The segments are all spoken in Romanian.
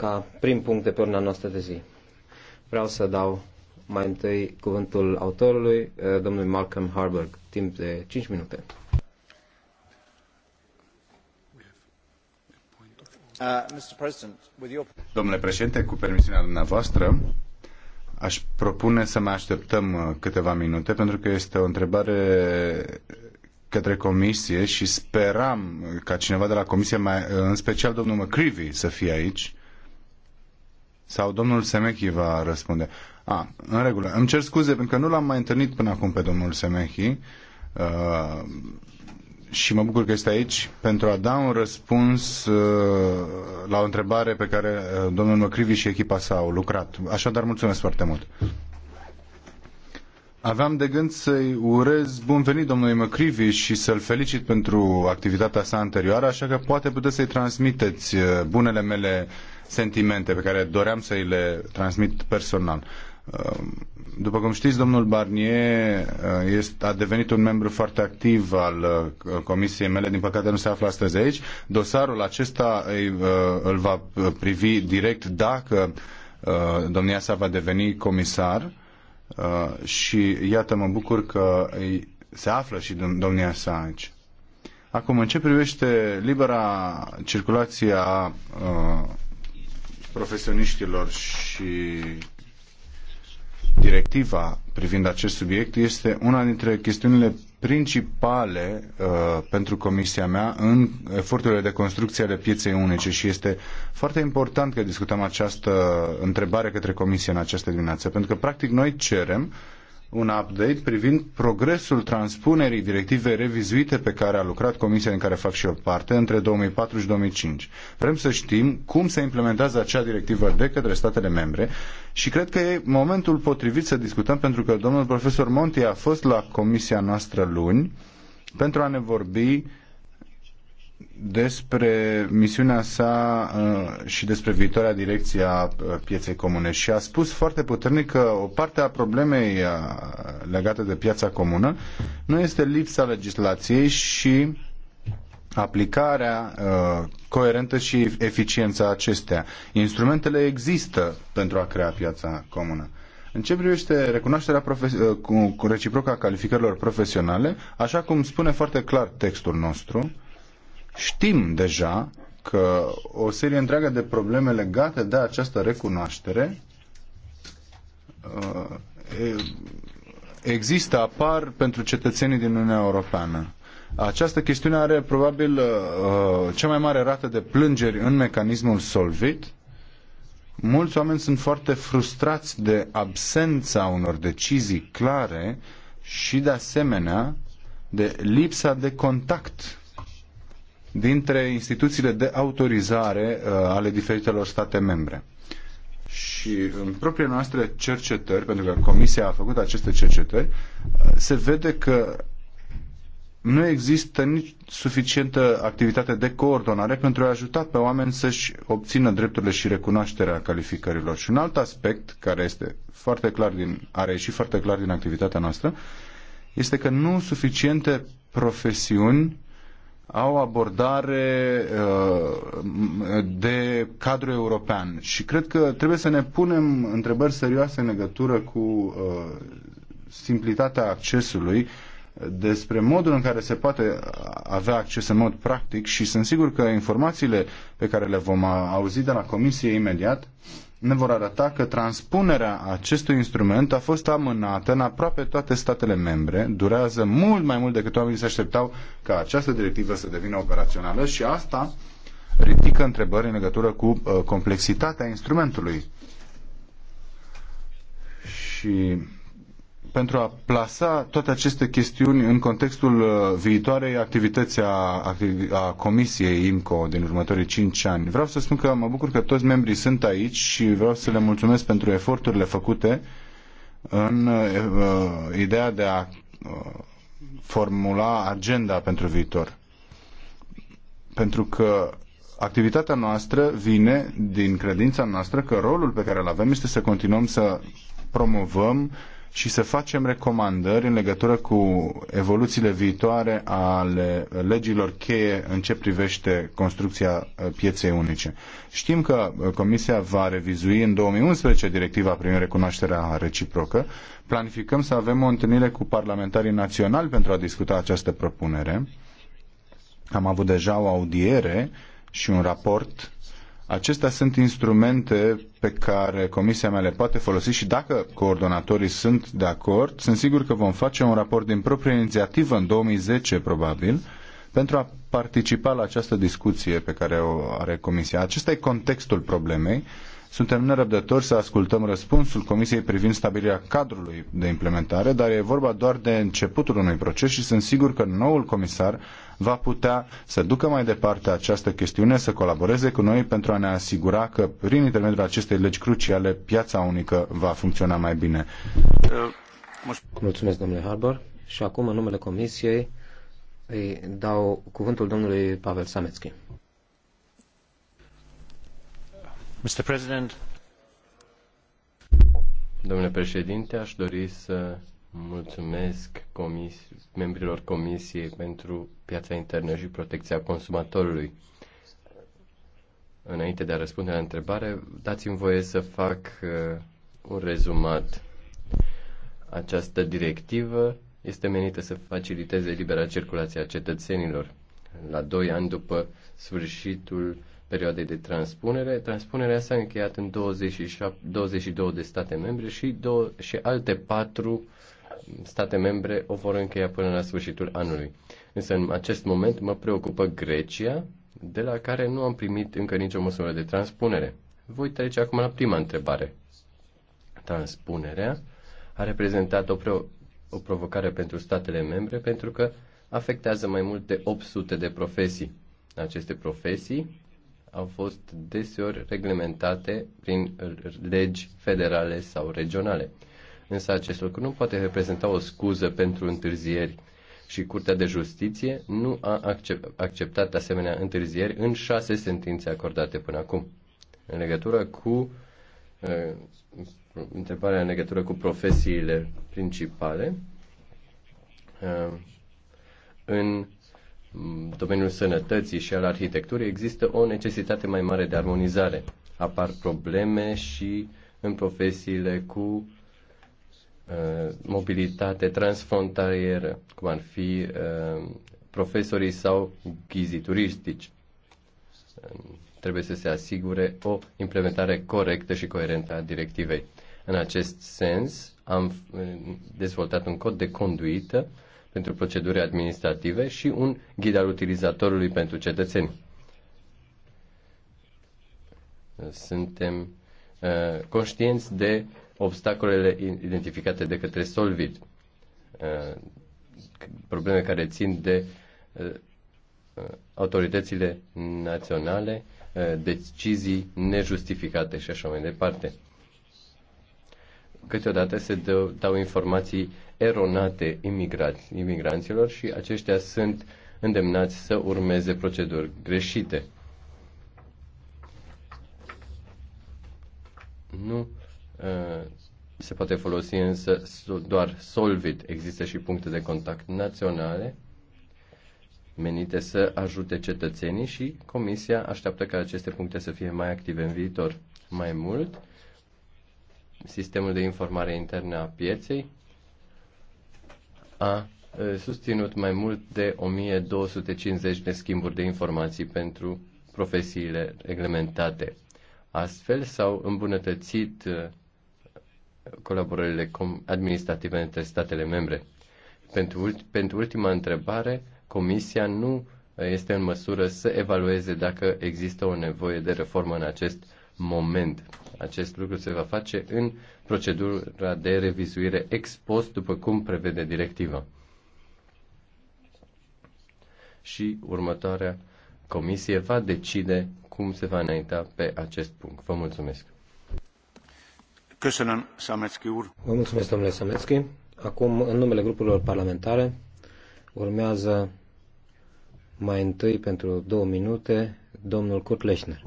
ca prim punct de pe ordinea noastră de zi. Vreau să dau mai întâi cuvântul autorului, eh, domnului Malcolm Harburg, timp de 5 minute. Domnule președinte, cu permisiunea dumneavoastră, aș propune să mai așteptăm eh, câteva minute, pentru că este o întrebare către comisie și speram ca cineva de la comisie, mai, eh, în special domnul McCreevy, să fie aici sau domnul Semechi va răspunde. A, în regulă. Îmi cer scuze pentru că nu l-am mai întâlnit până acum pe domnul Semechi. Uh, și mă bucur că este aici pentru a da un răspuns uh, la o întrebare pe care uh, domnul Măcrivi și echipa sa au lucrat. Așadar, mulțumesc foarte mult. Aveam de gând să-i urez bun venit domnului Măcrivi și să-l felicit pentru activitatea sa anterioară, așa că poate puteți să-i transmiteți uh, bunele mele sentimente pe care doream să îi le transmit personal. Uh, după cum știți, domnul Barnier uh, este, a devenit un membru foarte activ al uh, comisiei mele, din păcate nu se află astăzi aici. Dosarul acesta îl va privi direct dacă domnia sa va deveni comisar și iată, mă bucur că se află și domnia sa aici. Acum, în ce privește libera circulație a profesioniștilor și directiva privind acest subiect este una dintre chestiunile principale uh, pentru comisia mea în eforturile de construcție ale pieței unice și este foarte important că discutăm această întrebare către comisie în această dimineață, pentru că practic noi cerem uh, un update privind progresul transpunerii directivei revizuite pe care a lucrat comisia în care fac și eu parte între 2004 și 2005. Vrem să știm cum se implementează acea directivă de către statele membre și cred că e momentul potrivit să discutăm pentru că domnul profesor Monti a fost la comisia noastră luni pentru a ne vorbi despre misiunea sa uh, și despre viitoarea direcție a uh, pieței comune și a spus foarte puternic că o parte a problemei uh, legate de piața comună nu este lipsa legislației și aplicarea coerentă și eficiența acestea. Instrumentele există pentru a crea piața comună. În ce privește recunoașterea cu reciproca calificărilor profesionale, așa cum spune foarte clar textul nostru, Știm deja că o serie întreagă de probleme legate de această recunoaștere uh, există, apar pentru cetățenii din Uniunea Europeană. Această chestiune are probabil uh, cea mai mare rată de plângeri în mecanismul Solvit. Mulți oameni sunt foarte frustrați de absența unor decizii clare și, de asemenea, de lipsa de contact dintre instituțiile de autorizare uh, ale diferitelor state membre. Și în propriile noastre cercetări, pentru că Comisia a făcut aceste cercetări, uh, se vede că nu există nici suficientă activitate de coordonare pentru a ajuta pe oameni să-și obțină drepturile și recunoașterea calificărilor. Și un alt aspect care este foarte clar din, are ieșit foarte clar din activitatea noastră este că nu suficiente profesiuni au abordare uh, de cadru european și cred că trebuie să ne punem întrebări serioase în legătură cu uh, simplitatea accesului despre modul în care se poate avea acces în mod practic și sunt sigur că informațiile pe care le vom auzi de la Comisie imediat uh, ne vor arăta că transpunerea acestui instrument a fost amânată în aproape toate statele membre, durează mult mai mult decât oamenii se așteptau ca această directivă să devină operațională și asta ridică întrebări în legătură cu uh, complexitatea instrumentului. Și pentru a plasa toate aceste chestiuni în contextul uh, viitoarei activități a, a Comisiei IMCO din următorii cinci ani. Vreau să spun că mă bucur că toți membrii sunt aici și vreau să le mulțumesc pentru eforturile făcute în uh, uh ideea de a uh, formula agenda pentru viitor. Pentru că activitatea noastră vine din credința noastră că rolul pe care îl avem este să continuăm să promovăm uh, și să facem recomandări în legătură cu evoluțiile viitoare ale legilor cheie în ce privește construcția uh, pieței unice. Știm că uh, Comisia va revizui în 2011 directiva privind recunoașterea reciprocă. Planificăm să avem o întâlnire cu parlamentarii naționali pentru a discuta această propunere. Am avut deja o audiere și un raport Acestea sunt instrumente pe care comisia mea le poate folosi și dacă coordonatorii sunt de acord, sunt sigur că vom face un raport din proprie inițiativă în 2010, probabil, pentru a participa la această discuție pe care o are comisia. Acesta e contextul problemei suntem nerăbdători să ascultăm răspunsul Comisiei privind stabilirea cadrului de implementare, dar e vorba doar de începutul unui proces și sunt sigur că noul comisar va putea să ducă mai departe această chestiune, să colaboreze cu noi pentru a ne asigura că prin intermediul acestei legi cruciale piața unică va funcționa mai bine. Mulțumesc, domnule Harbour. Și acum, în numele Comisiei, îi dau cuvântul domnului Pavel Samețchi. Domnule președinte, aș dori să mulțumesc membrilor Comisiei pentru piața internă și protecția consumatorului. Înainte de a răspunde la întrebare, dați-mi voie să fac uh, un rezumat. Această directivă este menită să faciliteze libera circulație a cetățenilor. La doi ani după sfârșitul perioadei de transpunere. Transpunerea s-a încheiat în 27, 22 de state membre și, do- și alte patru state membre o vor încheia până la sfârșitul anului. Însă în acest moment mă preocupă Grecia, de la care nu am primit încă nicio măsură de transpunere. Voi trece acum la prima întrebare. Transpunerea a reprezentat o, pro- o provocare pentru statele membre pentru că afectează mai mult de 800 de profesii. Aceste profesii au fost deseori reglementate prin legi federale sau regionale. Însă acest lucru nu poate reprezenta o scuză pentru întârzieri și Curtea de Justiție nu a acceptat asemenea întârzieri în șase sentințe acordate până acum. În legătură cu uh, întrebarea în legătură cu profesiile principale, uh, în domeniul sănătății și al arhitecturii există o necesitate mai mare de armonizare. Apar probleme și în profesiile cu uh, mobilitate transfrontalieră, cum ar fi uh, profesorii sau ghizii turistici. Trebuie să se asigure o implementare corectă și coerentă a directivei. În acest sens, am uh, dezvoltat un cod de conduită uh, pentru proceduri administrative și un ghid al utilizatorului pentru cetățeni. Suntem uh, conștienți de obstacolele identificate de către Solvit, uh, probleme care țin de uh, uh autoritățile naționale, uh, decizii nejustificate și așa mai departe câteodată se dă, dau informații eronate imigranților și aceștia sunt îndemnați să urmeze proceduri greșite. Nu uh, se poate folosi însă doar Solvit. Există și puncte de contact naționale menite să ajute cetățenii și Comisia așteaptă ca aceste puncte să fie mai active în viitor. Mai mult, sistemul de informare internă a pieței a susținut mai mult de 1250 de schimburi de informații pentru profesiile reglementate. Astfel s-au îmbunătățit colaborările administrative între statele membre. Pentru, pentru ultima întrebare, Comisia nu este în măsură să evalueze dacă există o nevoie de reformă în acest moment acest lucru se va face în procedura de revizuire ex post, după cum prevede directiva. Și următoarea comisie va decide cum se va înainta pe acest punct. Vă mulțumesc. Vă mulțumesc, domnule Sametski. Acum, în numele grupurilor parlamentare, urmează mai întâi pentru două minute domnul Kurt Lechner.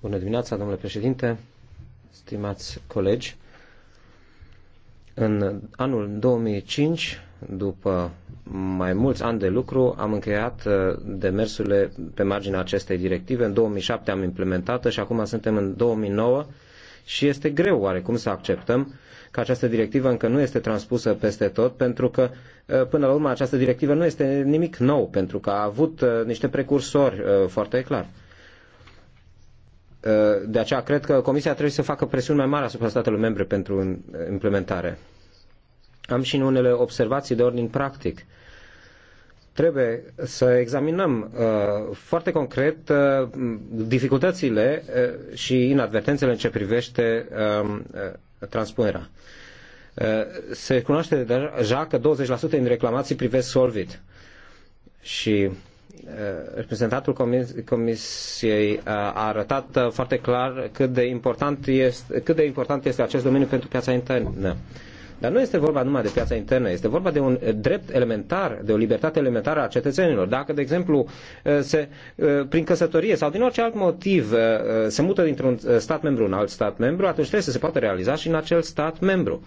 Bună dimineața, domnule președinte, stimați colegi. În anul 2005, după mai mulți ani de lucru, am încheiat uh, demersurile pe marginea acestei directive. În 2007 am implementat-o și acum suntem în 2009 și este greu oarecum să acceptăm că această directivă încă nu este transpusă peste tot, pentru că uh, până la urmă această directivă nu este nimic nou, pentru că a avut uh, niște precursori foarte clar. Uh, de aceea cred că Comisia trebuie să facă presiuni mai mari asupra statelor membre pentru implementare. Am și unele observații de ordin practic. Trebuie să examinăm uh, foarte concret uh, dificultățile uh, și inadvertențele în ce privește um, uh, transpunerea. Uh, se cunoaște deja că 20% din reclamații privesc Solvit. Și Eh, reprezentantul Comisiei eh, a arătat eh, foarte clar cât de, important este, cât de important este acest domeniu pentru piața internă. Dar nu este vorba numai de piața internă, este vorba de un drept elementar, de o libertate elementară a cetățenilor. Dacă, de exemplu, se, prin căsătorie sau din orice alt motiv se mută dintr-un stat membru în alt stat membru, atunci trebuie să se poată realiza și în acel stat membru,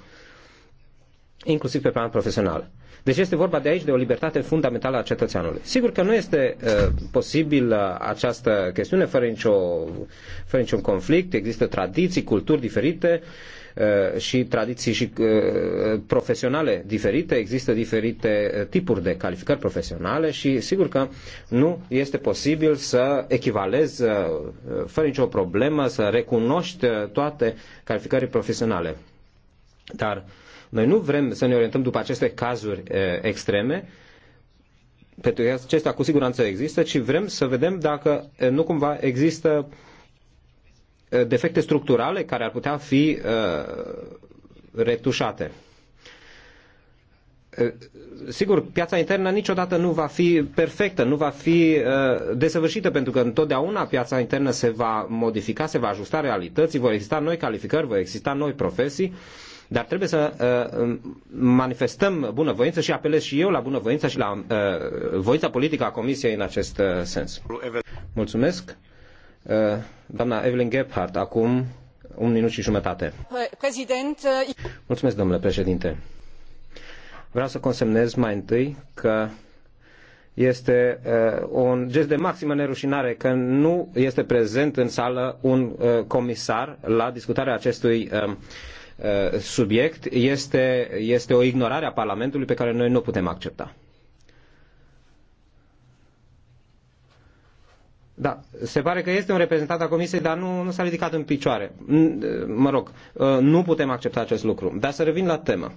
inclusiv pe plan profesional. Deci este vorba de aici de o libertate fundamentală a cetățeanului. Sigur că nu este uh, posibil uh, această chestiune fără, nicio, fără niciun conflict, există tradiții, culturi diferite uh, și tradiții și uh, profesionale diferite, există diferite uh, tipuri de calificări profesionale și sigur că nu este posibil să echivalezi uh, fără nicio problemă, să recunoști uh, toate calificările profesionale. Dar uh, noi nu vrem să ne orientăm după aceste cazuri extreme, pentru că acestea cu siguranță există, ci vrem să vedem dacă nu cumva există defecte structurale care ar putea fi retușate sigur, piața internă niciodată nu va fi perfectă, nu va fi uh, desăvârșită, pentru că întotdeauna piața internă se va modifica, se va ajusta realității, vor exista noi calificări, vor exista noi profesii dar trebuie să uh, um, manifestăm bunăvoință și apelez și eu la bunăvoință și la uh, voința politică a Comisiei în acest uh, sens. Mulțumesc. Doamna Evelyn Gebhardt, acum un minut și jumătate. President... Mulțumesc, domnule președinte. Vreau să consemnez mai întâi că este uh, un gest de maximă nerușinare că nu este prezent în sală un uh, comisar la discutarea acestui uh, Uh, subiect este, este o ignorare a Parlamentului pe care noi nu o putem accepta. Da, se pare că este un reprezentant al Comisiei, dar nu, nu s-a ridicat în picioare. Uh, mă rog, uh, nu putem accepta acest lucru. Dar să revin la temă.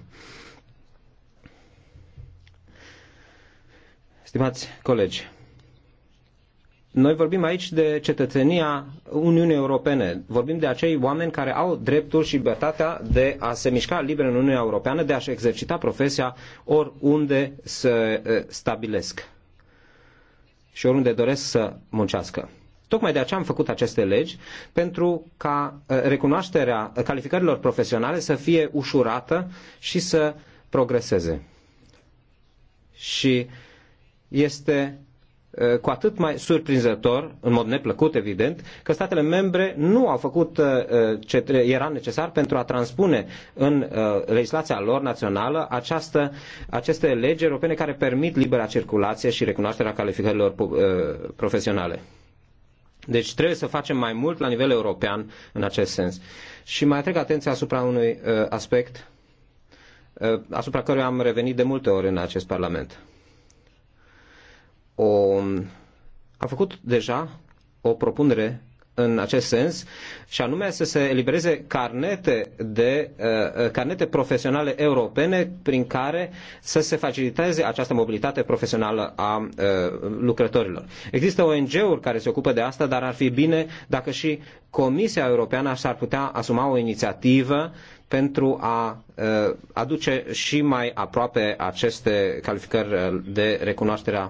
Stimați colegi, noi vorbim aici de cetățenia Uniunii Europene. Vorbim de acei oameni care au dreptul și libertatea de a se mișca liber în Uniunea Europeană, de a-și exercita profesia oriunde se eh, stabilesc și oriunde doresc să muncească. Tocmai de aceea am făcut aceste legi, pentru ca eh, recunoașterea calificărilor profesionale să fie ușurată și să progreseze. Și este Eh, cu atât mai surprinzător, în mod neplăcut evident, că statele membre nu au făcut eh, eh, ce era necesar pentru a transpune în legislația lor națională această, aceste legi europene care permit libera circulație și recunoașterea calificărilor profesionale. Deci trebuie să facem mai mult la nivel european în acest sens. Și mai atrag atenția asupra unui aspect asupra căruia am revenit de multe ori în acest Parlament o, a făcut deja o propunere în acest sens, și anume să se elibereze carnete, de, eh, carnete profesionale europene prin care să se faciliteze această mobilitate profesională a eh, lucrătorilor. Există ONG-uri care se ocupă de asta, dar ar fi bine dacă și Comisia Europeană s-ar putea asuma o inițiativă pentru a eh, aduce și mai aproape aceste calificări de recunoaștere a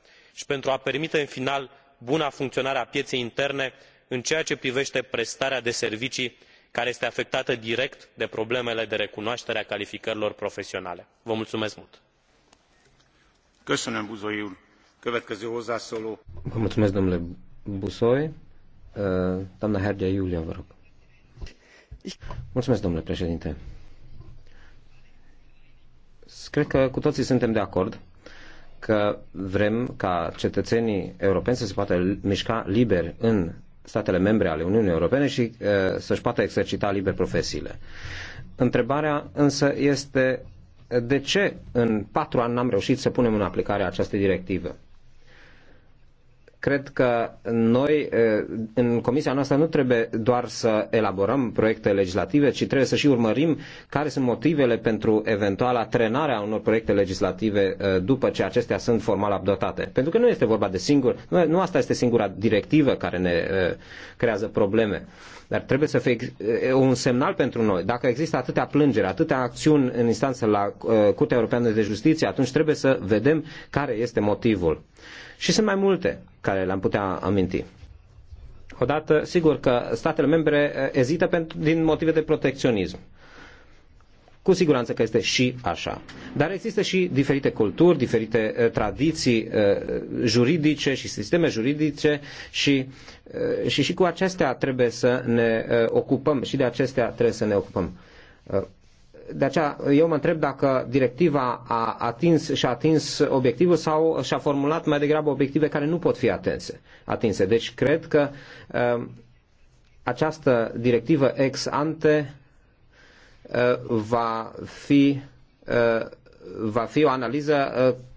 i pentru a permite în final buna funcionare a pieei interne în ceea ce privete prestarea de servicii care este afectată direct de problemele de recunoatere a calificărilor profesionale. Vă mulțumesc mult! mulțumesc, domnule uh, Mulțumesc, domnule președinte. Cred că cu toii suntem de acord că vrem ca cetățenii europeni să se poată mișca liber în statele membre ale Uniunii Europene și uh, să-și poată exercita liber profesiile. Întrebarea însă este de ce în patru ani n-am reușit să punem în aplicare această directivă? Cred că noi, în comisia noastră, nu trebuie doar să elaborăm proiecte legislative, ci trebuie să și urmărim care sunt motivele pentru eventuala trenare a unor proiecte legislative după ce acestea sunt formal abdotate. Pentru că nu este vorba de singur, nu asta este singura directivă care ne creează probleme. Dar trebuie să fie un semnal pentru noi. Dacă există atâtea plângeri, atâtea acțiuni în instanță la Curtea Europeană de Justiție, atunci trebuie să vedem care este motivul. Și sunt mai multe care le-am putea aminti. Odată, sigur că statele membre eh, ezită pentru, din motive de protecționism. Cu siguranță că este și așa. Dar există și diferite culturi, diferite eh, tradiții eh, juridice și sisteme juridice și, și și cu acestea trebuie să ne ocupăm și de acestea trebuie să ne ocupăm de aceea eu mă întreb dacă directiva a atins și a atins obiectivul sau și-a formulat mai degrabă obiective care nu pot fi atinse. atinse. Deci cred că uh, această directivă ex ante uh, va fi uh, va fi o analiză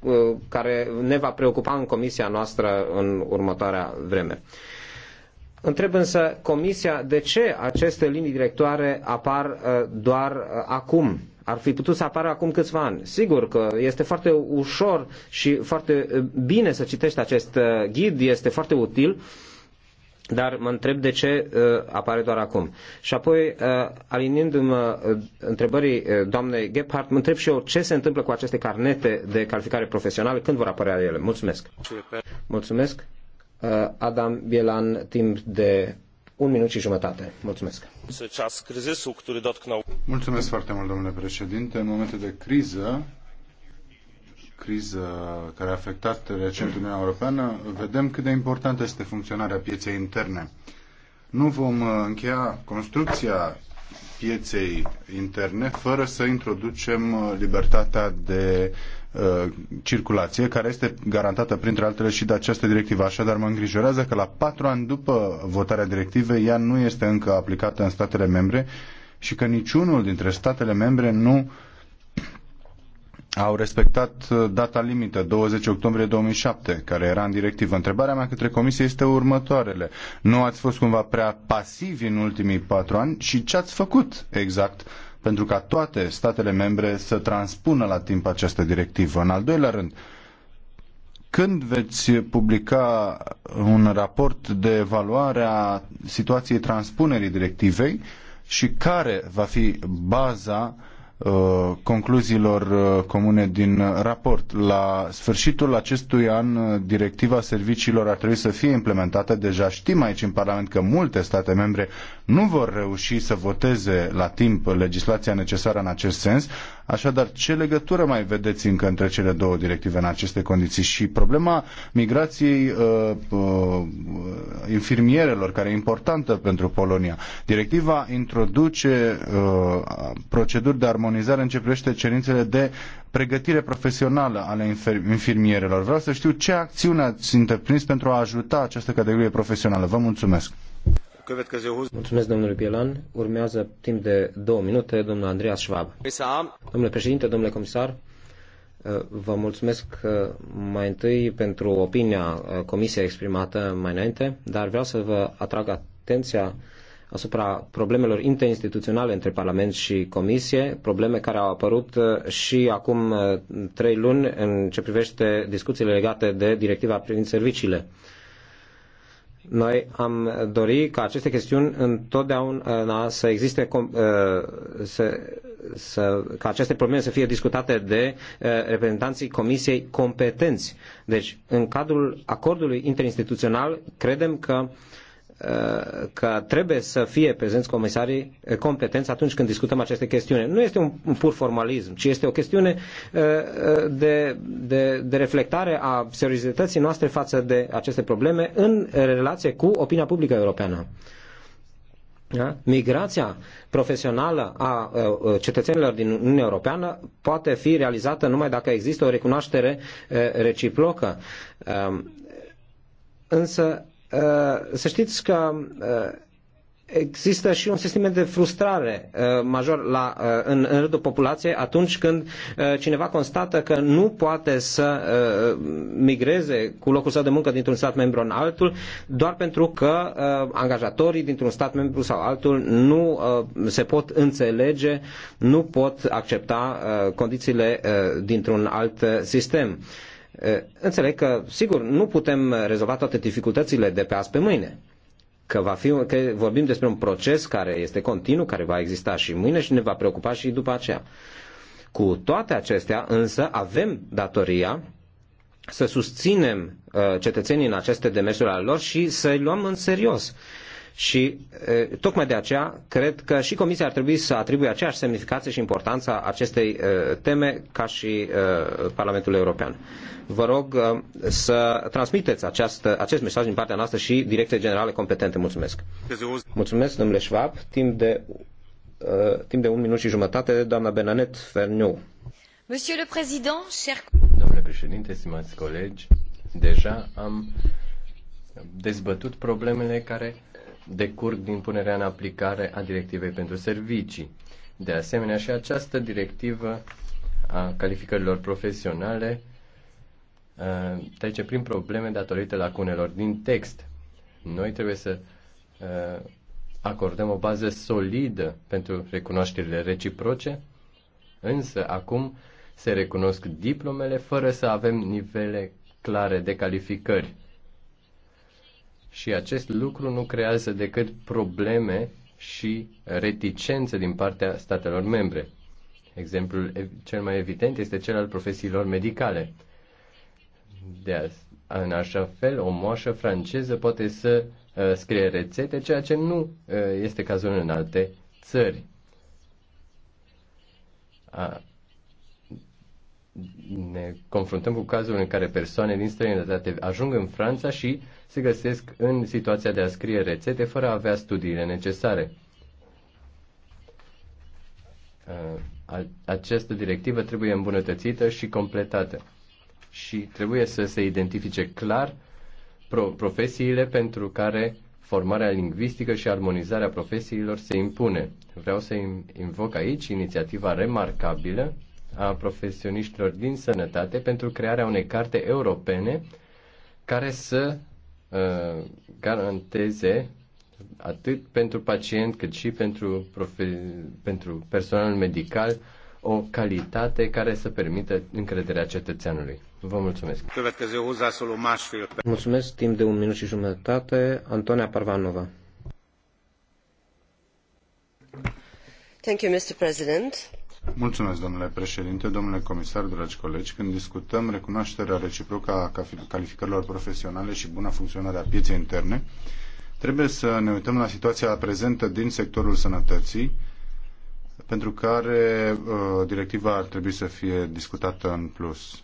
uh, uh, care ne va preocupa în comisia noastră în următoarea vreme. Întreb însă Comisia de ce aceste linii directoare apar uh, doar uh, acum. Ar fi putut să apară acum câțiva ani. Sigur că este foarte ușor și foarte uh, bine să citești acest ghid, este foarte util, dar mă întreb de ce apare doar acum. Și apoi, aliniindu-mă întrebării doamnei Gephardt, mă întreb și eu ce se întâmplă cu aceste carnete de calificare profesională, când vor apărea ele. Mulțumesc! Mulțumesc! Uh, Adam Bielan timp de un minut și jumătate. Mulțumesc. Mulțumesc foarte mult, domnule președinte. În momente de criză, criză care a afectat recent Uniunea Europeană, vedem cât de importantă este funcționarea pieței interne. Nu vom uh, încheia construcția pieței interne fără să introducem uh, libertatea de Uh, circulație, care este garantată printre altele și de această directivă. Așadar, mă îngrijorează că la patru ani după votarea directivei, ea nu este încă aplicată în statele membre și că niciunul dintre statele membre nu au respectat uh, data limită, 20 octombrie 2007, care era în directivă. Întrebarea mea către comisie este următoarele. Nu ați fost cumva prea pasivi în ultimii patru ani și ce ați făcut exact pentru ca toate statele membre să transpună la timp această directivă. În al doilea rând, când veți publica un raport de evaluare a situației transpunerii directivei și care va fi baza uh, concluziilor uh, comune din raport. La sfârșitul acestui an, uh, directiva serviciilor ar trebui să fie implementată. Deja știm aici în Parlament că multe state membre nu vor reuși să voteze la timp legislația necesară în acest sens. Așadar, ce legătură mai vedeți încă între cele două directive în aceste condiții? Și problema migrației uh, uh, infirmierelor, care e importantă pentru Polonia. Directiva introduce uh, proceduri de armonizare în ce privește cerințele de pregătire profesională ale infirmierelor. Vreau să știu ce acțiune ați întreprins pentru a ajuta această categorie profesională. Vă mulțumesc! Mulțumesc, domnule pielan. Urmează timp de două minute domnul Andreas Schwab. Domnule președinte, domnule comisar, uh, vă mulțumesc uh, mai întâi pentru opinia uh, comisiei exprimată mai înainte, dar vreau să vă atrag atenția asupra problemelor interinstituționale între Parlament și Comisie, probleme care au apărut și acum trei luni în ce privește discuțiile legate de directiva privind serviciile. Noi am dori ca aceste chestiuni întotdeauna uh, să existe, uh, să, să, ca aceste probleme să fie discutate de uh, reprezentanții Comisiei competenți. Deci, în cadrul acordului interinstituțional, credem că uh, Uh, că trebuie să fie prezenți comisarii uh, competenți atunci când discutăm aceste chestiuni. Nu este un pur formalism, ci este o chestiune uh, de, de, de reflectare a seriozității noastre față de aceste probleme în relație cu opinia publică europeană. Da? Migrația profesională a cetățenilor din Uniunea Europeană poate fi realizată numai dacă există o recunoaștere reciprocă. Um, însă Uh, să știți că uh, există și un sentiment de frustrare uh, major la, în, în rândul populației atunci când cineva constată că nu poate să migreze cu locul său de muncă dintr-un stat membru în altul doar pentru că angajatorii dintr-un stat membru sau altul nu se pot înțelege, nu pot accepta condițiile dintr-un alt sistem. Înțeleg că, sigur, nu putem rezolva toate dificultățile de pe azi pe mâine. Că, va fi, că vorbim despre un proces care este continuu, care va exista și mâine și ne va preocupa și după aceea. Cu toate acestea, însă, avem datoria să susținem uh, cetățenii în aceste demersuri ale lor și să-i luăm în serios. Și tocmai de aceea cred că și Comisia ar trebui să atribuie aceeași semnificație și importanța acestei teme ca și Parlamentul European. Vă rog să transmiteți această, acest mesaj din partea noastră și direcției generale competente. Mulțumesc. Mulțumesc, domnule Schwab. Timp de, timp de un minut și jumătate, doamna Benanet Ferniu. Monsieur le Président, cher... Domnule președinte, stimați colegi, deja am dezbătut problemele care decurg din punerea în aplicare a directivei pentru servicii. De asemenea, și această directivă a calificărilor profesionale trece prin probleme datorită lacunelor din text. Noi trebuie să acordăm o bază solidă pentru recunoașterile reciproce, însă acum se recunosc diplomele fără să avem nivele clare de calificări și acest lucru nu creează decât probleme și reticențe din partea statelor membre. Exemplul cel mai evident este cel al profesiilor medicale. De a, în așa fel, o moașă franceză poate să uh, scrie rețete, ceea ce nu uh, este cazul în alte țări. A, ne confruntăm cu cazuri în care persoane din străinătate ajung în Franța și se găsesc în situația de a scrie rețete fără a avea studiile necesare. Uh, această directivă trebuie îmbunătățită și completată și trebuie să se identifice clar profesiile pentru care formarea lingvistică și armonizarea profesiilor se impune. Vreau să invoc aici inițiativa remarcabilă a profesioniștilor din sănătate pentru crearea unei carte europene care să uh, garanteze atât pentru pacient cât și pentru, profe- pentru personal medical o calitate care să permită încrederea cetățeanului. Vă mulțumesc. Mulțumesc timp de un minut și jumătate. Antonia Parvanova. Thank you, Mr. President. Mulțumesc, domnule președinte, domnule comisar, dragi colegi. Când discutăm recunoașterea reciprocă a calificărilor profesionale și buna funcționare a pieței interne, trebuie să ne uităm la situația prezentă din sectorul sănătății, pentru care uh, directiva ar trebui să fie discutată în plus.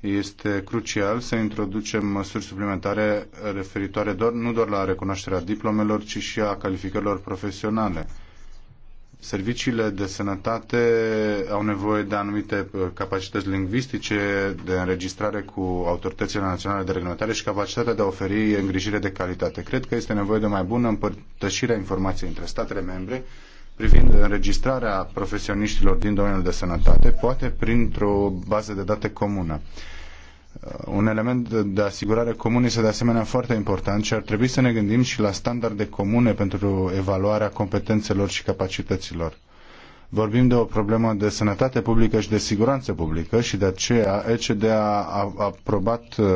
Este crucial să introducem măsuri suplimentare referitoare doar, nu doar la recunoașterea diplomelor, ci și a calificărilor profesionale serviciile de sănătate au nevoie de anumite uh, capacități lingvistice, de înregistrare cu autoritățile naționale de reglementare și capacitatea de a oferi îngrijire de calitate. Cred că este nevoie de mai bună împărtășire a informației între statele membre privind înregistrarea profesioniștilor din domeniul de sănătate, poate printr-o bază de date comună. Uh, un element de asigurare comun este de asemenea foarte important și ar trebui să ne gândim și la standarde comune pentru evaluarea competențelor și capacităților. Vorbim de o problemă de sănătate publică și de siguranță publică și de aceea ECD a aprobat uh,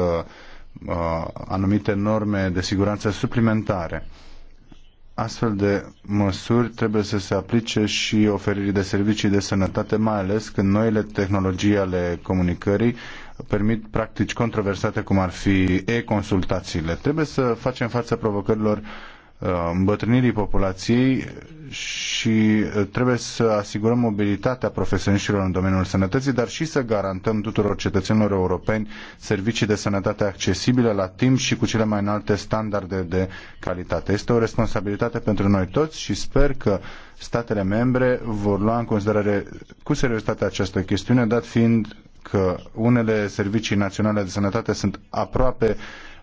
uh, anumite norme de siguranță suplimentare. Uh, astfel de măsuri trebuie să se aplice și oferirii de servicii de sănătate, mai ales când noile tehnologii ale comunicării permit practici controversate cum ar fi e-consultațiile. Trebuie să facem față provocărilor Uh, îmbătrânirii populației și uh, trebuie să asigurăm mobilitatea profesioniștilor în domeniul sănătății, dar și să garantăm tuturor cetățenilor europeni servicii de sănătate accesibile la timp și cu cele mai înalte standarde de calitate. Este o responsabilitate pentru noi toți și sper că statele membre vor lua în considerare cu seriozitate această chestiune, dat fiind că unele servicii naționale de sănătate sunt aproape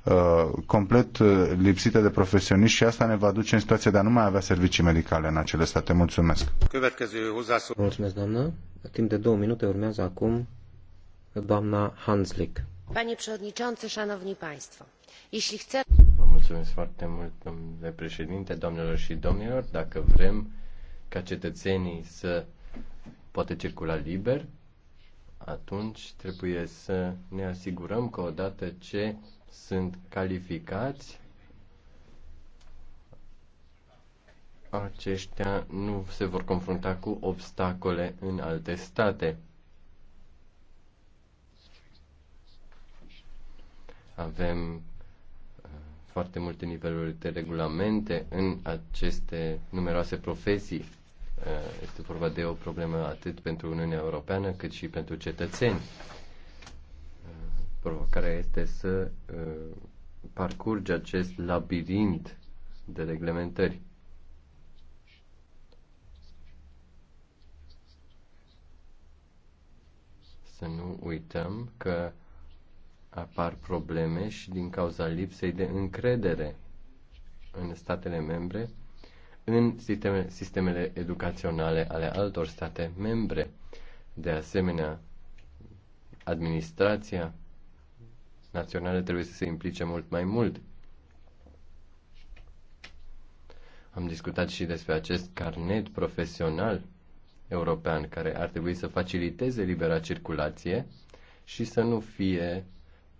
Uh, complet uh, lipsite de profesioniști și asta ne va duce în situația de a nu mai avea servicii medicale în acele state. Mulțumesc! Mulțumesc, doamnă! Timp de două minute urmează acum doamna Hanslick. Panie przewodniczący, szanowni państwo, jeśli chcę... Vă mulțumesc foarte mult, domnule președinte, doamnelor și domnilor. Dacă vrem ca cetățenii să poată circula liber, atunci trebuie să ne asigurăm că odată ce sunt calificați, aceștia nu se vor confrunta cu obstacole în alte state. Avem uh, foarte multe niveluri de regulamente în aceste numeroase profesii. Uh, este vorba de o problemă atât pentru Uniunea Europeană cât și pentru cetățeni. Provocarea este să uh, parcurge acest labirint de reglementări. Să nu uităm că apar probleme și din cauza lipsei de încredere în statele membre, în sisteme, sistemele educaționale ale altor state membre. De asemenea, administrația naționale trebuie să se implice mult mai mult. Am discutat și despre acest carnet profesional european care ar trebui să faciliteze libera circulație și să nu fie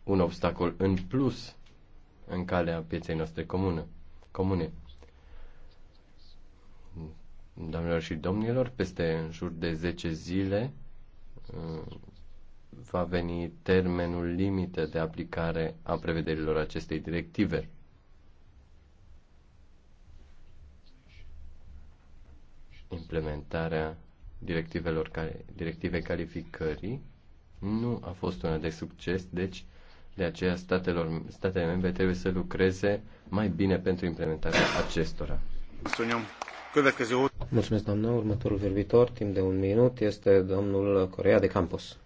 un obstacol în plus în calea pieței noastre comună, comune. Doamnelor și domnilor, peste în jur de 10 zile uh, va veni termenul limită de aplicare a prevederilor acestei directive. Implementarea directivelor care, directive calificării nu a fost una de succes, deci de aceea statelor, statele membre trebuie să lucreze mai bine pentru implementarea acestora. Mulțumesc, doamnă. Următorul vorbitor, timp de un minut, este domnul Corea de Campos.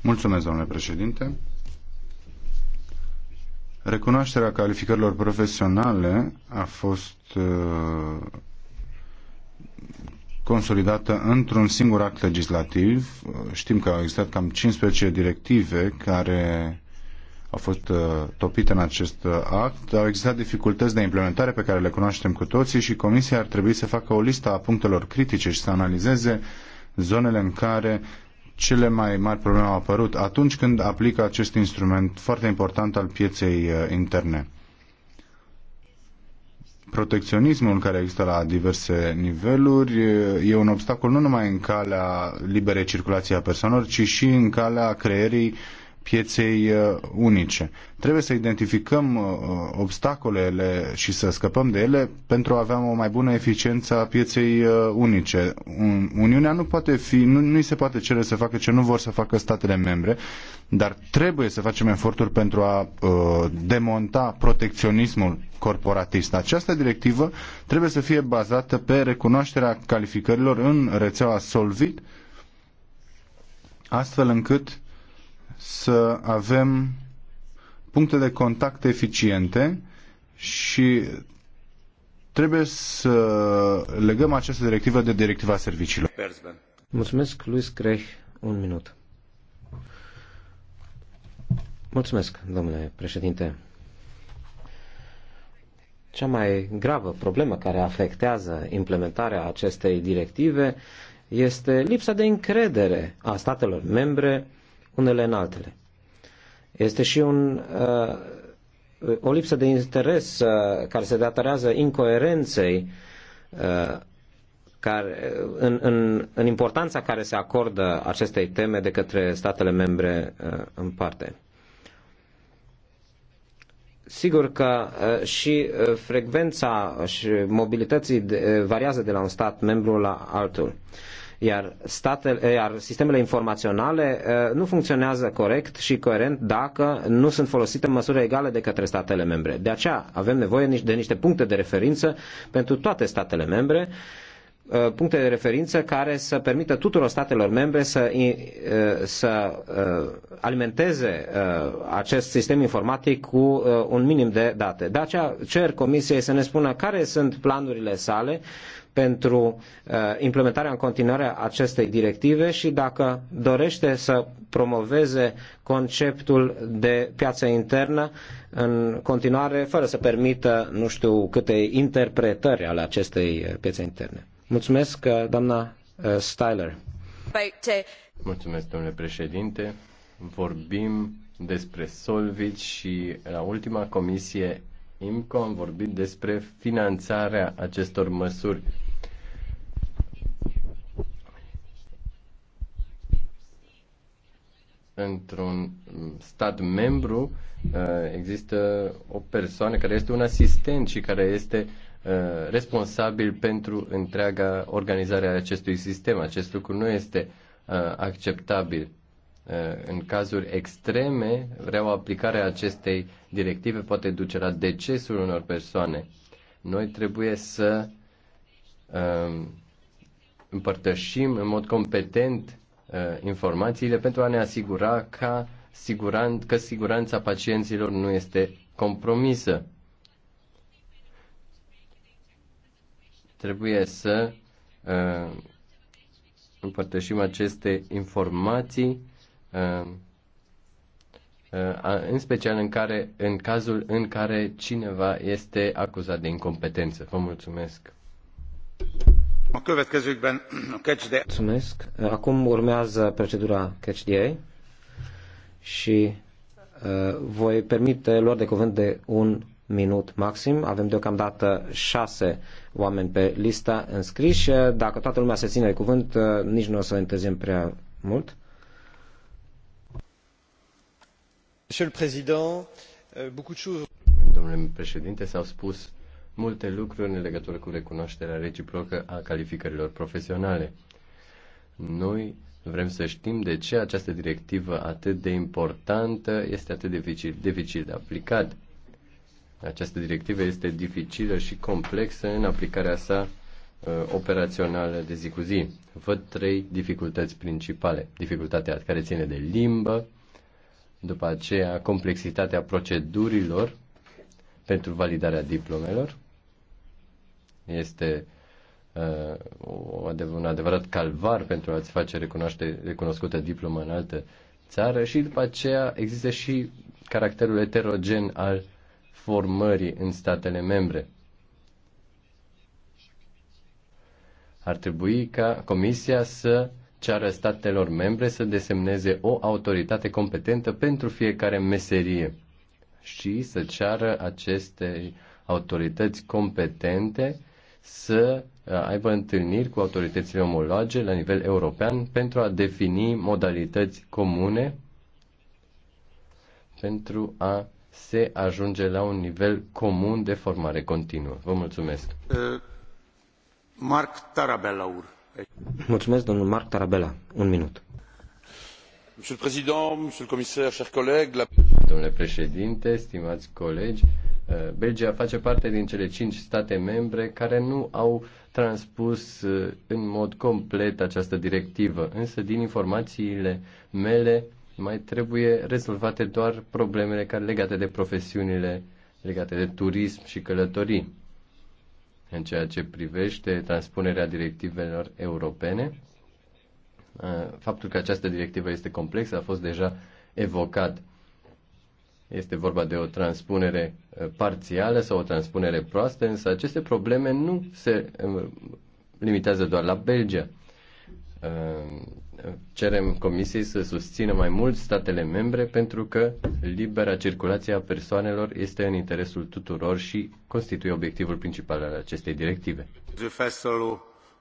Mulțumesc, președinte. Recunoașterea calificărilor profesionale a fost uh, consolidată într-un singur act legislativ. Știm că au existat cam 15 directive care au fost uh, topite în acest act. Au existat dificultăți de implementare pe care le cunoaștem cu toții și Comisia ar trebui să facă o listă a punctelor critice și să analizeze zonele în care cele mai mari probleme au apărut atunci când aplică acest instrument foarte important al pieței uh, interne. Protecționismul care există la diverse niveluri uh, e un obstacol nu numai în calea liberei circulației a persoanelor, ci și în calea creierii pieței uh, unice. Trebuie să identificăm uh, uh, obstacolele și să scăpăm de ele pentru a avea o mai bună eficiență a pieței unice. Uniunea nu poate fi, nu, nu se poate cere să facă ce nu vor să facă statele membre, dar trebuie să facem eforturi pentru a demonta protecționismul corporatist. Această directivă trebuie să fie bazată pe recunoașterea calificărilor în rețeaua Solvit, astfel încât să avem puncte de contact eficiente și trebuie să legăm această directivă de directiva serviciilor. Mulțumesc, Luis Grech, un minut. Mulțumesc, domnule președinte. Cea mai gravă problemă care afectează implementarea acestei directive este lipsa de încredere a statelor membre unele în altele. Este și un, uh, o lipsă de interes uh, care se datorează incoerenței uh, care, uh, în, în, în importanța care se acordă acestei teme de către statele membre uh, în parte. Sigur că uh, și uh, frecvența și mobilității variază de la un stat membru la altul iar, statele, eh, iar sistemele informaționale eh, nu funcționează corect și coerent dacă nu sunt folosite în măsură egale de către statele membre. De aceea avem nevoie de niște puncte de referință pentru toate statele membre eh, puncte de referință care să permită tuturor statelor membre să, să alimenteze acest sistem informatic cu un minim de date. De aceea cer Comisiei să ne spună care sunt planurile sale pentru uh, implementarea în continuare a acestei directive și dacă dorește să promoveze conceptul de piață internă în continuare, fără să permită nu știu câte interpretări ale acestei uh, piețe interne. Mulțumesc, uh, doamna Styler. Mulțumesc, domnule președinte. Vorbim despre Solvit și la ultima comisie IMCO am vorbit despre finanțarea acestor măsuri. Într-un stat membru uh, există o persoană care este un asistent și care este uh, responsabil pentru întreaga organizare a acestui sistem. Acest lucru nu este uh, acceptabil Eh, în cazuri extreme, reaua aplicare a acestei directive poate duce la decesul unor persoane. Noi trebuie să ehm, împărtășim în mod competent eh, informațiile pentru a ne asigura ca siguran, că siguranța pacienților nu este compromisă. Trebuie să uh, împărtășim aceste informații Ehm, ehm, în special în, care, în cazul în care cineva este acuzat de incompetență. Vă mulțumesc. Mulțumesc. Acum urmează procedura catch the și uh, voi permite lor de cuvânt de un minut maxim. Avem deocamdată șase oameni pe lista înscriși. Dacă toată lumea se ține de cuvânt, uh, nici nu o să întârziem prea mult. Euh, Domnule președinte, s-au spus multe lucruri în legătură cu recunoașterea reciprocă a calificărilor profesionale. Noi vrem să știm de ce această directivă atât de importantă este atât de dificil, dificil de aplicat. Această directivă este dificilă și complexă în aplicarea sa uh, operațională de zi cu zi. Văd trei dificultăți principale. Dificultatea care ține de limbă, după aceea complexitatea procedurilor pentru validarea diplomelor. Este uh, un adevărat calvar pentru a-ți face recunoaște, recunoscută diploma în altă țară și după aceea există și caracterul heterogen al formării în statele membre. Ar trebui ca Comisia să uh, ceară statelor membre să desemneze o autoritate competentă pentru fiecare meserie și să ceară aceste autorități competente să uh, aibă întâlniri cu autoritățile omologe la nivel european pentru a defini modalități comune pentru a se ajunge la un nivel comun de formare continuă. Vă mulțumesc. Uh, Mark Tarabella Mulțumesc, domnul Marc Tarabella. Un minut. Monsieur Président, Monsieur le Commissaire, chers collègues. La... Domnule președinte, stimați colegi, eh, Belgia face parte din cele cinci state membre care nu au transpus eh, în mod complet această directivă, însă din informațiile mele mai trebuie rezolvate doar problemele care legate de profesiunile legate de turism și călătorii în ceea ce privește transpunerea directivelor europene. Uh, faptul că această directivă este complexă a fost deja evocat. Este vorba de o transpunere uh, parțială sau o transpunere proastă, însă aceste probleme nu se uh, limitează doar la Belgia. Uh, cerem Comisiei să susțină mai mult statele membre pentru că libera circulație a persoanelor este în interesul tuturor și constituie obiectivul principal al acestei directive.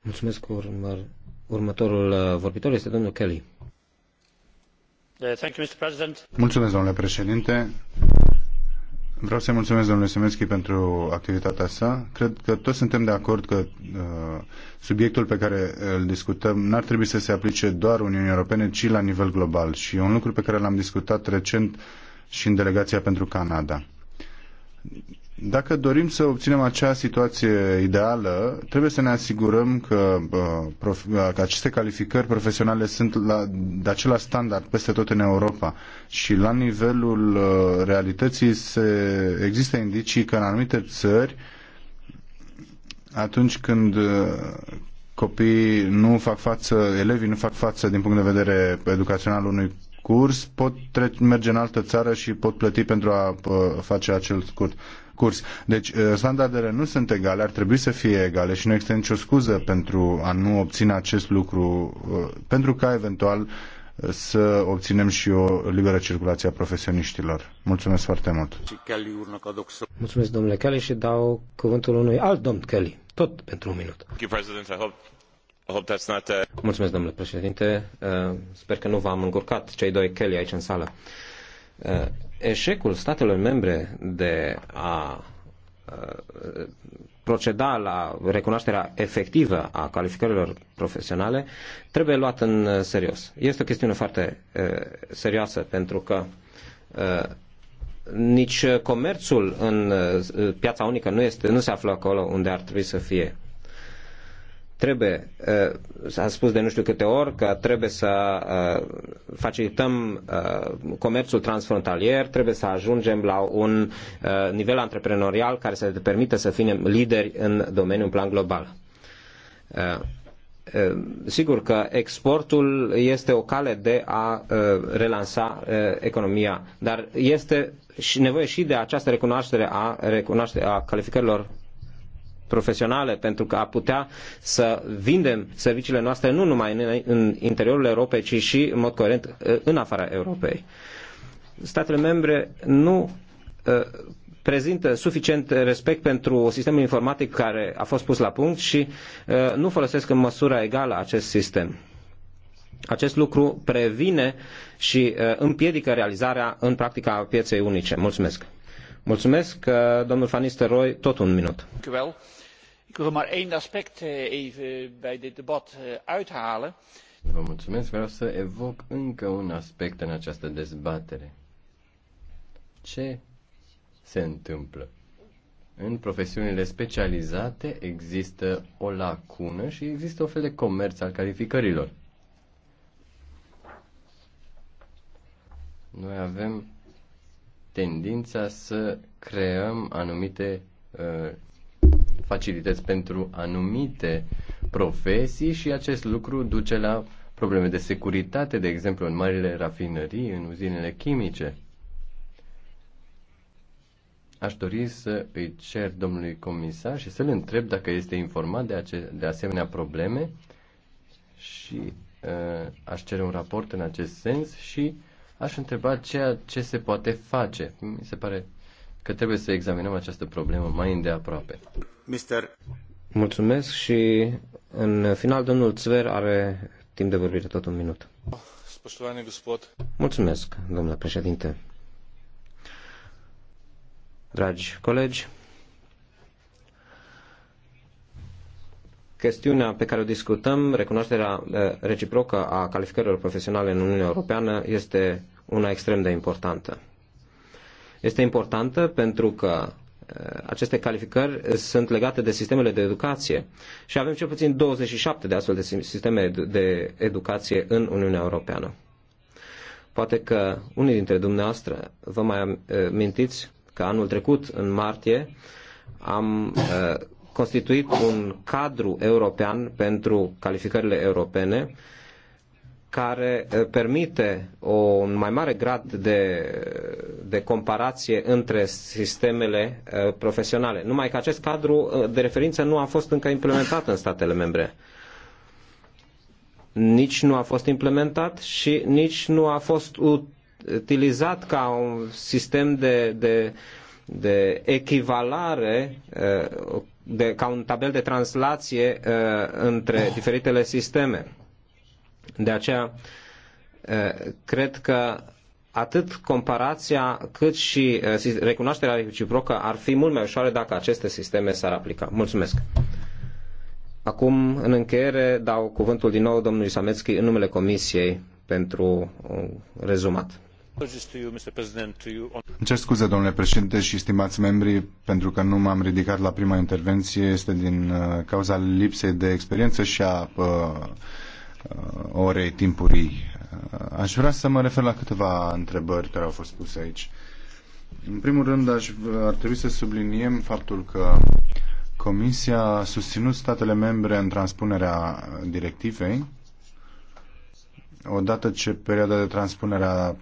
Mulțumesc. Urmăr. Următorul uh, vorbitor este domnul Kelly. Uh, Mulțumesc, domnule președinte Vreau să-i mulțumesc domnului Semenski pentru activitatea sa. Cred că toți suntem de acord că uh, subiectul pe care îl discutăm n-ar trebui să se aplice doar Uniunii Europene, ci la nivel global. Și e un lucru pe care l-am discutat recent și în delegația pentru Canada. Dacă dorim să obținem acea situație ideală, trebuie să ne asigurăm că, că aceste calificări profesionale sunt la, de același standard peste tot în Europa și la nivelul uh, realității se, există indicii că în anumite țări, atunci când uh, copiii nu fac față, elevii nu fac față din punct de vedere educațional unui curs, pot merge în altă țară și pot plăti pentru a face acel curs curs. Deci uh, standardele nu sunt egale, ar trebui să fie egale și nu există nicio scuză pentru a nu obține acest lucru, uh, pentru ca eventual uh, să obținem și o liberă circulație a profesioniștilor. Mulțumesc foarte mult! Mulțumesc, domnule Kelly, și dau cuvântul unui alt domn Kelly, tot pentru un minut. Mulțumesc, domnule președinte. Sper că nu v-am încurcat cei doi Kelly aici în sală. Uh, eșecul statelor membre de a uh, proceda la recunoașterea efectivă a calificărilor profesionale trebuie luat în uh, serios. Este o chestiune foarte serioasă pentru că nici comerțul în piața unică nu, este, nu se află acolo unde ar trebui să fie trebuie, uh, s-a spus de nu știu câte ori că trebuie să uh, facilităm uh, comerțul transfrontalier, trebuie să ajungem la un nivel antreprenorial care să ne permită să fim lideri în domeniul în plan global. Sigur că exportul este o cale de a relansa economia, dar este nevoie și de această recunoaștere a, recunoaștere a calificărilor profesionale pentru că a putea să vindem serviciile noastre nu numai în, interiorul Europei, ci și, în mod coerent, în afara Europei. Statele membre nu uh, prezintă suficient respect pentru sistemul informatic care a fost pus la punct și uh, nu folosesc în măsura egală acest sistem. Acest lucru previne și uh, împiedică realizarea în practica pieței unice. Mulțumesc! Mulțumesc, domnul Fanister Roy, tot un minut ik wil maar één aspect eh, even bij dit debat eh, uithalen. Vă mulțumesc, vreau să evoc încă un aspect în această dezbatere. Ce se întâmplă? În profesiunile specializate există o lacună și există o fel de comerț al calificărilor. Noi avem tendința să creăm anumite uh, facilități pentru anumite profesii și acest lucru duce la probleme de securitate, de exemplu, în marile rafinării, în uzinele chimice. Aș dori să îi cer domnului comisar și să-l întreb dacă este informat de, ace- de asemenea probleme și uh, aș cere un raport în acest sens și aș întreba ceea ce se poate face. Mi se pare că trebuie să examinăm această problemă mai îndeaproape. Mister. Mulțumesc și în final domnul Țver are timp de vorbire tot un minut. Mulțumesc, domnule președinte. Dragi colegi, chestiunea pe care o discutăm, recunoașterea eh, reciprocă a calificărilor profesionale în Uniunea Europeană, este una extrem de importantă este importantă pentru că aceste calificări sunt legate de sistemele de educație și avem cel puțin 27 de astfel de sisteme de educație în Uniunea Europeană. Poate că unii dintre dumneavoastră vă mai amintiți că anul trecut, în martie, am constituit un cadru european pentru calificările europene care eh, permite un mai mare grad de, de comparație între sistemele eh, profesionale. Numai că acest cadru eh, de referință nu a fost încă implementat în statele membre. Nici nu a fost implementat și nici nu a fost utilizat ca un sistem de, de, de echivalare de, ca un tabel de translație între diferitele sisteme de aceea, cred că atât comparația cât și recunoașterea reciprocă ar fi mult mai ușoare dacă aceste sisteme s-ar aplica. Mulțumesc! Acum, în încheiere, dau cuvântul din nou domnului Sametski în numele Comisiei pentru rezumat. Îmi cer scuze, domnule președinte și stimați membri, pentru că nu m-am ridicat la prima intervenție. Este din uh, cauza lipsei de experiență și a uh, Uh, orei timpurii. Uh, aș vrea să mă refer la câteva întrebări care au fost puse aici. În primul rând, aș, ar trebui să subliniem faptul că Comisia a susținut statele membre în transpunerea directivei. Odată ce perioada de transpunere a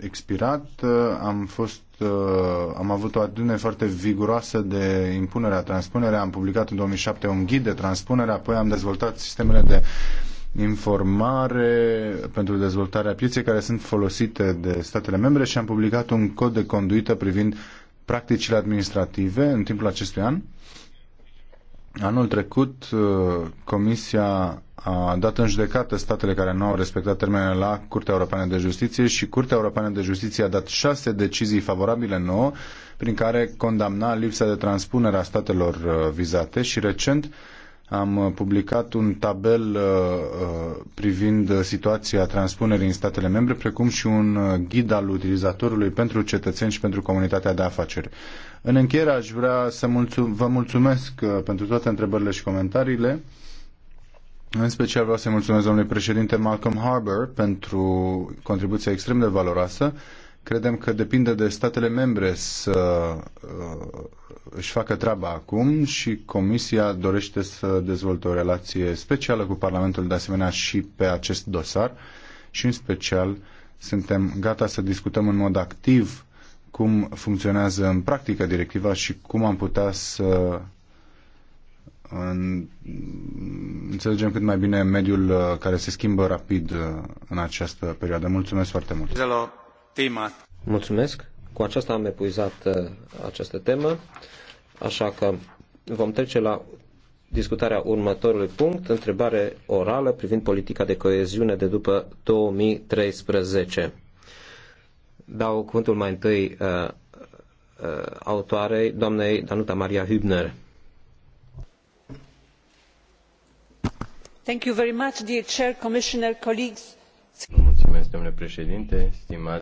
expirat, uh, am, fost, am avut o atitudine foarte viguroasă de impunerea transpunerea. Am publicat în 2007 un ghid de transpunere, apoi am dezvoltat sistemele de informare pentru dezvoltarea pieței care sunt folosite de statele membre și am publicat un cod de conduită privind practicile administrative în timpul acestui an. Anul trecut, uh, Comisia a dat în judecată statele care nu au respectat termenele la Curtea Europeană de Justiție și Curtea Europeană de Justiție a dat șase decizii favorabile nouă prin care condamna lipsa de transpunere a statelor uh, vizate și recent am uh, publicat un tabel uh, uh, privind situația transpunerii în statele membre, precum și un ghid al utilizatorului pentru cetățeni și pentru comunitatea de afaceri. În încheiere aș vrea să vă mulțumesc pentru toate întrebările și comentariile. În special vreau să-i mulțumesc domnului președinte Malcolm Harbour pentru contribuția extrem de valoroasă Credem că depinde de statele membre să uh, își facă treaba acum și Comisia dorește să dezvolte o relație specială cu Parlamentul de asemenea și pe acest dosar și în special suntem gata să discutăm în mod activ cum funcționează în practică directiva și cum am putea să înțelegem cât mai bine mediul uh, care se schimbă rapid uh, în această perioadă. Mulțumesc foarte mult! tema. Mulțumesc. Cu aceasta am epuizat uh, această temă, așa că vom trece la discutarea următorului punct, întrebare orală privind politica de coeziune de după 2013. Dau cuvântul mai întâi uh, uh, autoarei, doamnei Danuta Maria Hübner. Thank you very much, dear Chair, Commissioner, colleagues. Mulțumesc, domnule președinte, stimați